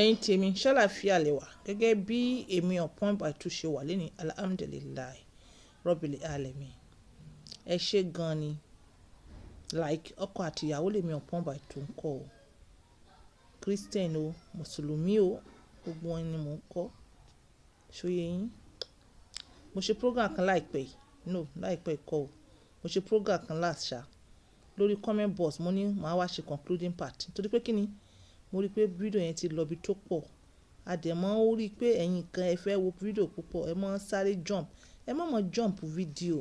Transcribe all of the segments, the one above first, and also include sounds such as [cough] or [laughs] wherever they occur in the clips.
ẹ̀yin tèmi ṣàlàfíà lẹ́wà gẹ́gẹ́ bí èmi Ọ̀pọ̀nbàtú ṣe wà lẹ́ni alhamdulilayi rọ́bìlì alẹ́mi ẹ ṣe gan ni like ọkọ àti ìyàwó lèmi Ọ̀pọ̀nbàtú ń kọ́ o christian o mùsùlùmí o gbogbo wọn ni mò ń kọ́ ṣóyè yín mo ṣe program kan láìpẹ́ no láìpẹ́ kọ́ o mo ṣe program kan láṣà lórí comment box mo ní màá wá ṣe concluding part nítorí pé kí ni mo rí i pé bírídò yẹn ti lọ ibi tó pọ̀ àdẹ̀mọ́ ó rí i pé ẹ̀yin kan ẹ fẹ́ wo fídíò púpọ̀ ẹ mọ́ sáré jump ẹ mọ́ mọ́ jump fídíò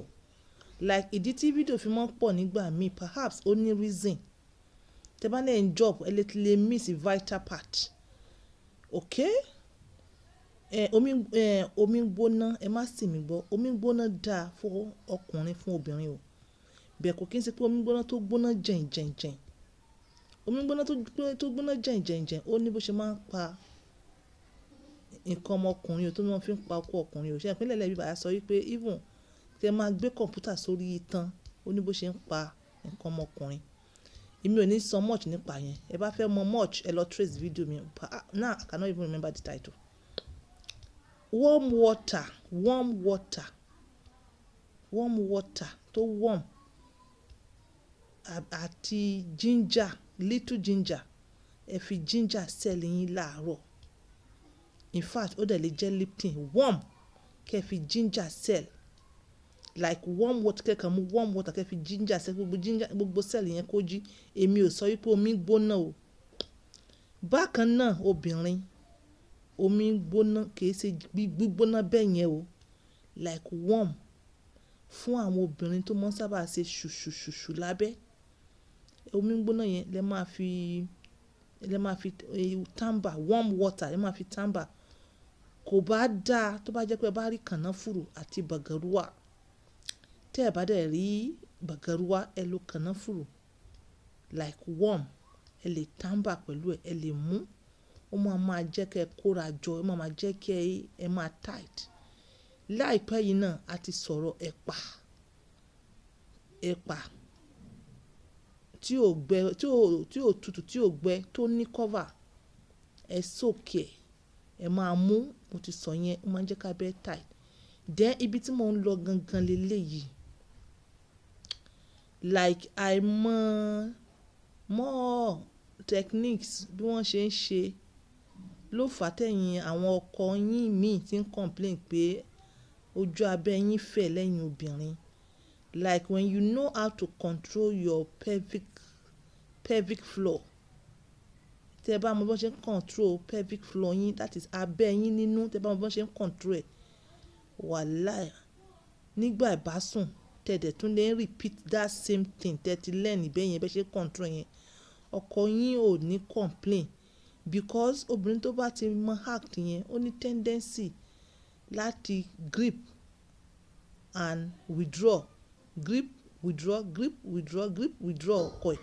like ìdí tí fídíò fi mọ́ pọ̀ nígbà míì perhaps ó ní reason tẹ bá lẹ́yìn jump ẹ lè lè miss vital part ok ẹ omi ẹ omi gbóná ẹ má sì mí gbọ́ omi gbóná dáa fún ọkùnrin fún obìnrin o bẹ́ẹ̀ kò kí n ṣe pé omi gbóná tó gbóná jẹ̀ǹjẹ̀ǹjẹ̀ǹ omi gbóná tó gbóná jẹ̀ǹjẹ̀ǹjẹ̀ ó ní bó ṣe máa ń pa nǹkan ọmọkùnrin tó máa fi ń pa ọkọ ọkùnrin o ìpínlẹ̀ ilẹ̀ bíbá sọ wípé even kí ẹ máa gbé kọ̀ǹpútà sórí itan ó ní bó ṣe ń pa nǹkan ọmọkùnrin èmi ò ní sọ much nípa yẹn ẹ bá fẹ́ mọ much ẹ lọ trace video mi now I cannot even remember the title warm water warm water warm water tó warm àti ginger little ginger ẹ fi ginger sẹ́ẹ̀lì yín láàárọ̀ in fact ó dẹ̀ lè jẹ́ lipton warm kẹ́ fi ginger sell, like warm water kẹ́kàn mú warm water kẹ́ fi ginger sell. gbogbo ginger gbogbo cell yẹn kó jí èmi ò sọ wípé omi gbóná o bákan náà obìnrin omi gbóná kìí ṣe gbígbóná bẹ́ẹ̀ yẹn o like warm fún àwọn obìnrin tó mọ́ sábà ṣe ṣùṣùṣùṣù lábẹ́ omi gbóná yẹn lẹ máa fi lẹ máa fi eh, tàǹbà warm water lẹ máa fi tàǹbà kò bá dáa tó bá jẹ́ pé ẹ bá rí kànáfùrù àti bàgàrúwà tẹ́ ẹ bá dẹ̀ rí bàgàrúwà ẹ lo kànáfùrù like warm ẹ lè tàǹbà pẹ̀lú ẹ ẹ lè mú ó máa máa jẹ́ kẹ́ ẹ kóra jọ ó máa máa jẹ́ kẹ́ ẹ máa tight láìpẹ́ yìí náà a ti sọ̀rọ̀ ẹ̀pà ẹ̀pà tí ò gbẹ tí ò tí ò tutù tí ò gbẹ tó ní cover ẹ soak ẹ ẹ máa mú mo ti sọ yẹn ó máa ń jẹ́ ká abẹ́rẹ́ tight then ibi tí mo ń lọ gangan leléyìí like àìmọ̀ more techniques bí wọ́n ṣe ń ṣe ló fà tẹ̀yìn àwọn ọkọ yín míì ti ń complain pé ojú abẹ́ yín fẹ̀ lẹ́yìn obìnrin like when you know how to control your pelvic pelvic floor tẹ́ bá mọ bó ṣe ń control pelvic floor yín that is abẹ́ yín nínú tẹ́ bá mọ bó ṣe ń control ẹ̀ wàláì nígbà ìbásùn tẹ̀dẹ̀ tún lè repeat that same thing tẹ̀tí lẹ́ẹ̀ni bẹ́ẹ̀ yẹn bẹ́ẹ̀ ṣe control yẹn ọkọ yín ò ní complain because obìnrin tó bá ti mọ act yẹn ó ní tendency láti grip and withdraw grip withdraw grip withdraw grip withdraw ọkọ ẹ̀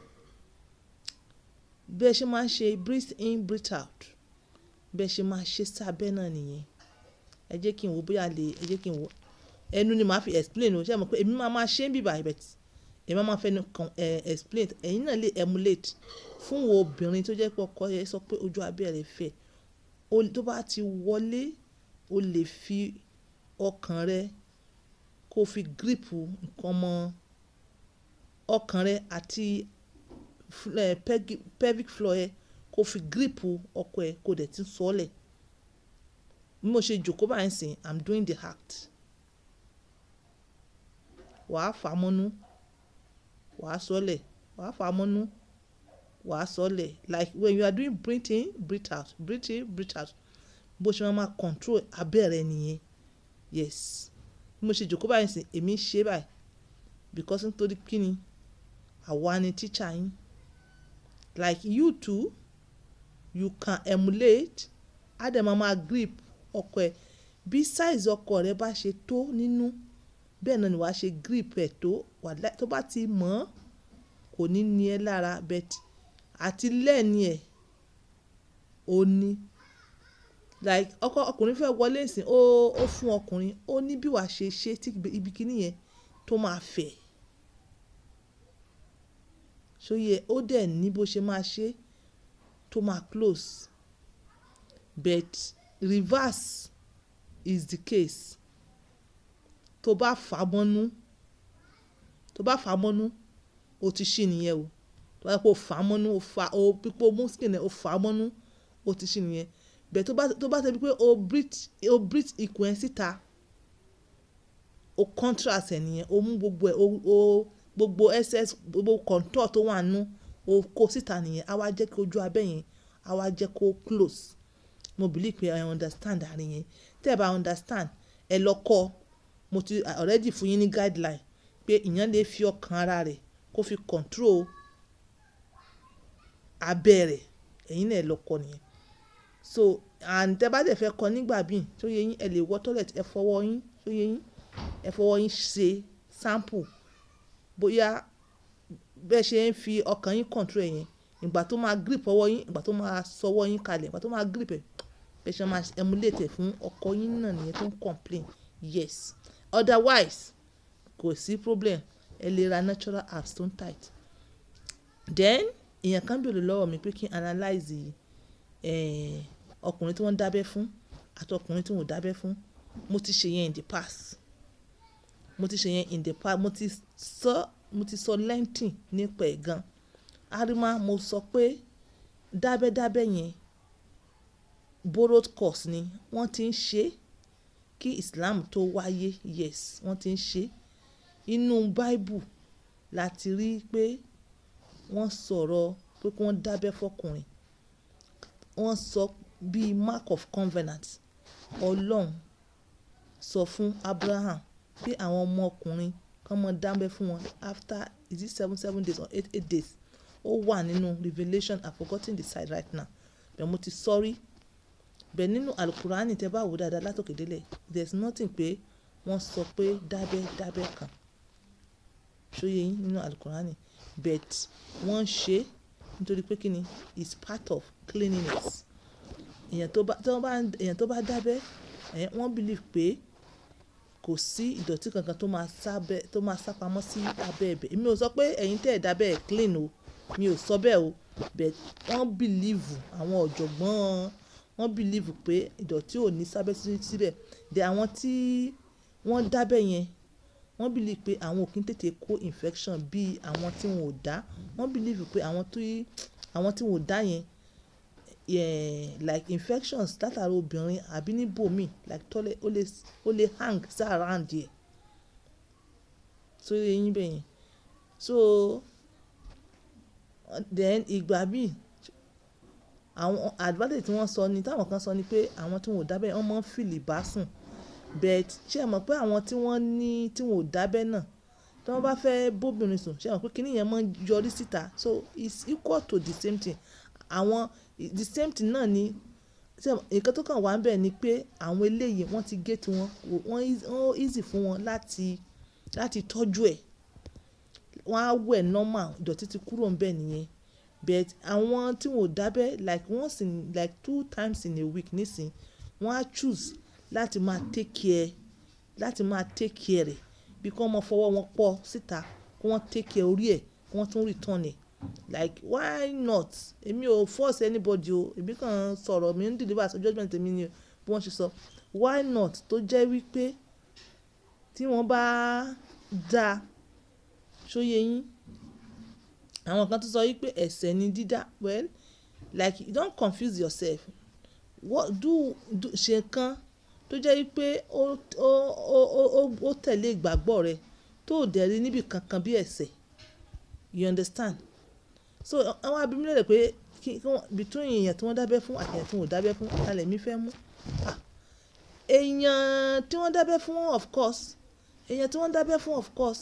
bí ẹ ṣe máa ń ṣe breathe in breathe out bí ẹ ṣe máa ṣe sábẹ́ náà nìyẹn ẹ jẹ́ kí n wo bóyá lè ẹ jẹ́ kí n wo ẹnu ni màá fi explain o ṣé ẹ mọ̀ pé èmi máa máa ṣe ń bìbà ẹ̀ bẹ̀tì èmi máa máa fẹnu kan explain ẹ̀yin náà lè emulate fún wo obìnrin tó jẹ́ pé ọkọ yẹ sọ pé ojú abẹ́ rẹ̀ fẹ̀ tó bá ti wọlé o lè fi ọkàn rẹ kó o fi grip nǹkan mọ́ ọkàn rẹ àti Eh, pelvic floor ẹ kó fi gírípù ọkọ ẹ kó dẹ̀ ti sọ́ọ̀lẹ̀ bí mo ṣe jòkó báyìí ń sìn i'm doing the act wàá fà á mọ́nú wàá sọ́ọ̀lẹ̀ wàá fà mọ́nú wàá sọ́ọ̀lẹ̀ like when you are doing breathing, breathe out breathe in breathe out bó ṣe máa ma control abẹ́ rẹ nìyẹn yes bí mo ṣe jòkó báyìí ń sìn èmi ń ṣe báyìí because nítorí kí ni àwa ni teacher yín like you too you can emulate á dẹ̀ máa grip ọkọ ẹ̀ bí size ọkọ rẹ bá ṣe tó nínú bẹ́ẹ̀ náà ni wàá ṣe grip ẹ̀ tó wàláì tó bá ti mọ̀ ọ́ kò ní ní ẹ lára bẹ́ẹ̀ àti lẹ́ẹ̀ni ẹ̀ ò ní like ọkọ ọkùnrin fẹ́ wọlé ìsìn ó ó fún ọkùnrin ó ní bí wàá ṣe ṣe tí ibi kíní yẹn tó máa fẹ̀ ṣóyẹ ó dẹ̀ ní bó ṣe máa ṣe tó máa close but reverse is the case tó bá fà mọ́nú tó bá fà mọ́nú o ti ṣì nìyẹn o tó bá kó o fà mọ́nú o fà o pípọ̀ muskin o fà mọ́nú o ti ṣì nìyẹn bẹ́ẹ̀ tó bá tó bí pé o breathe o breathe ikùn ẹ̀ síta o contrast ẹ̀ nìyẹn o mú gbogbo ẹ̀ o o gbogbo SS, gbogbo contour tó wà nú o kó síta nìyẹn á wá jẹ́ kí ojú abẹ́ yẹn á wá jẹ́ kó close mo believe pé i understand àárín yẹn tẹ́ ẹ bá understand ẹ lọ kọ́ mo ti already fún yín ní guideline pé ìyẹn lè fi ọkàn ara rẹ̀ kó fi control abẹ́ rẹ̀ ẹ̀yin náà ẹ lọ kọ́ nìyẹn so and tẹ́ bá dẹ̀ fẹ́ kọ́ nígbà bíi tó yẹ yín ẹ lè wọ toilet ẹ fọwọ́ yín tó yẹ yín ẹ fọwọ́ yín ṣe sample bóyá bẹ́ẹ̀ ṣe ń fi ọkàn yín control ẹ̀yẹn ìgbà tó máa grip ọwọ́ yín ìgbà tó máa sọwọ́ yín kalẹ̀ ìgbà tó máa grip ẹ̀ bẹ́ẹ̀ ṣe máa emulate ẹ̀ fún ọkọ yín náà nìyẹn tó ń complain yes otherwise kò sí problem ẹ lè ra natural herbs tó ń tight then èèyàn kan bèrè lọ́wọ́ mi pé kí n analyze eh, ọkùnrin tí wọ́n dábẹ́ fún àti ọkùnrin tí wọ́n dábẹ́ fún mo ti ṣe yẹn in the past mo ti ṣe yẹn in the past mo ti sọ mo ti sọ lẹ́ǹtìn nípa ẹ̀ gan arima mo sọ pé dábẹ́dábẹ́ yẹn borrowed cost ni wọ́n ti ń ṣe kí Islam tó wáyé yes wọ́n ti ń ṣe inú Bible la ti rí pé wọ́n sọ̀rọ̀ pé kí wọ́n dábẹ́ fọkùnrin wọ́n sọ bíi mark of covenant ọlọ́run sọ fún Abraham pé àwọn ọmọ ọkùnrin kan mọ dábẹ́ fún wọn after is it seven seven days or eight eight days ó wà nínú revelation i forgotten the side right now bẹ́ẹ̀ mo ti sọ́rí bẹ́ẹ̀ nínú alukurani tẹ́ bá wò dáadáa látòkè délẹ̀ there is nothing pé wọ́n sọ pé dábẹ́ dábẹ́ kan ṣóyè yín nínú alukurani but wọ́n ṣe nítorí pé kíni is part of cleanliness èèyàn tó bá èèyàn tó bá dábẹ́ wọ́n believe pé kò sí ìdọ̀tí kankan tó máa sábẹ́ tó máa sápamọ́ sí abẹ́ ẹ̀bẹ̀ èmi ò sọ pé ẹ̀yin tẹ̀ ẹ̀dá bẹ́ẹ̀ clean o mi ò sọ bẹ́ẹ̀ o but wọ́n bìlíìvù àwọn ọ̀jọ̀gbọ́n wọ́n bìlíìvù pé ìdọ̀tí ò ní sábẹ́ síbẹ̀ de àwọn tí wọ́n dábẹ́ yẹn wọ́n bìlíìvù pé àwọn ò kí ń tètè kó infection bíi àwọn tí wọn ò dá wọ́n bìlíìvù pé àwọn tí wọn ò dá yẹn Yeah, like infections látara obìnrin àbí níbòmíì like tọ́lẹ̀ ó lè ó lè hang sáàrand around sórí so bẹ́ẹ̀ yẹn so then ìgbà míì àwọn advantage tí wọ́n sọ ni táwọn kan sọ ni pé àwọn tí wọn ò dábẹ́ wọ́n máa ń fìlì bá sùn but ṣé ẹ mọ̀ pé àwọn tí wọ́n ní tí wọn ò dábẹ́ náà tí wọ́n bá fẹ́ bóbìnrin sùn ṣé ẹ mọ̀ pé kíní yẹn máa ń yọrí síta so it's equal to the same thing àwọn the same thing náà ni nǹkan tó kàn wá ń bẹ̀ ni pé àwọn eléyìí wọ́n ti gé tiwọn wọ́n easy fún wọn láti láti tọ́jú ẹ̀ wọ́n á wẹ̀ normal ìdọ̀tí ti kúrò ń bẹ̀ nìyẹn but àwọn tí wọn ò dábẹ́ like once in like two times in a week nísìn wọ́n á choose láti máa take care láti máa take care rẹ̀ bí kí wọ́n mọ fọwọ́ wọn pọ̀ síta kí wọ́n take care orí ẹ̀ kí wọ́n tún return ẹ̀ like why not èmi ò force anybody o èmi kàn sọ̀rọ̀ mi ń deliver as a judgement èmi ni bí wọ́n ṣe sọ why not tó jẹ́ wípé tí wọ́n bá dá ṣóyè yín àwọn kan tó sọ wípé ẹ̀ṣẹ̀ ni dídá well like you don't confuse yourself what do do ṣe kan tó jẹ́ wípé ó ó ó ó tẹ̀lé ìgbàgbọ́ rẹ tó dẹ̀ rí níbi kankan bí ẹ̀ṣẹ̀ you understand so àwọn abimí lè pé kí wọ́n between èèyàn tí wọ́n dábẹ́ fún àti èèyàn tí wọ́n dábẹ́ fún àtàlẹ̀ mi fẹ́ mú èèyàn tí wọ́n dábẹ́ fún of course èèyàn tí wọ́n dábẹ́ fún of course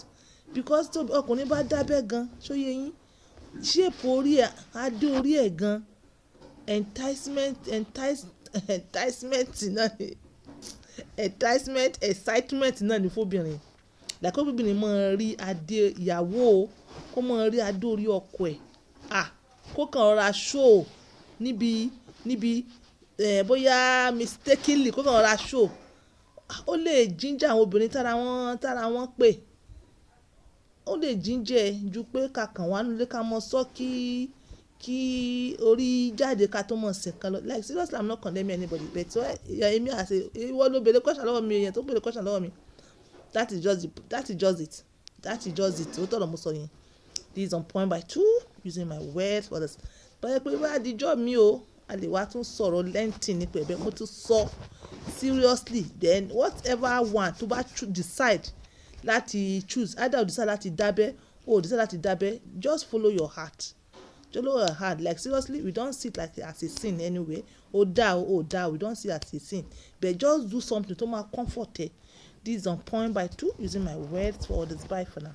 because tó ọkùnrin bá dábẹ́ gan ṣóyè yín ṣéèpù orí ẹ̀ adé orí ẹ̀ gan enticement entice [laughs] enticement náà ni enticement excitement náà ni fóbìnrin làkọ́ bíbìnrin máa rí adé ìyàwó kó máa rí adé orí ọkọ ẹ̀ kó kàn rọra show níbi níbi eh, bóyá mistakenly kó kàn rọra show ó lè ginger àwọn obìnrin tára wọn tára wọn pè ó lè ginger ju pé kàkàn wà nílé ká mọ sọ kí kí orí jáde ká tó mọ̀ ṣe kan lọ like seriously i'm not condemning anybody but èmi àṣẹ ìwọ ló béèrè question lọ́wọ́ mi èèyàn tó béèrè question lọ́wọ́ mi that is just it that is just it that is just it ó tọ̀rọ̀ mo sọ yẹn this is on point by two using my words for this báyẹ̀ pé wá àdìjọ́ mi o a lè wá tún sọ̀rọ̀ lẹ́ǹtì nípa ẹ̀bẹ̀ mo tún sọ seriously then whatever one tó bá decide láti choose either o decide láti dábẹ́ or o decide láti dábẹ́ just follow your heart Follow your heart. like seriously we don see it like as a sin anyway o da o o da we don see it as a sin but just do something to ma comfort her this is on point by two using my words for all this bye for now.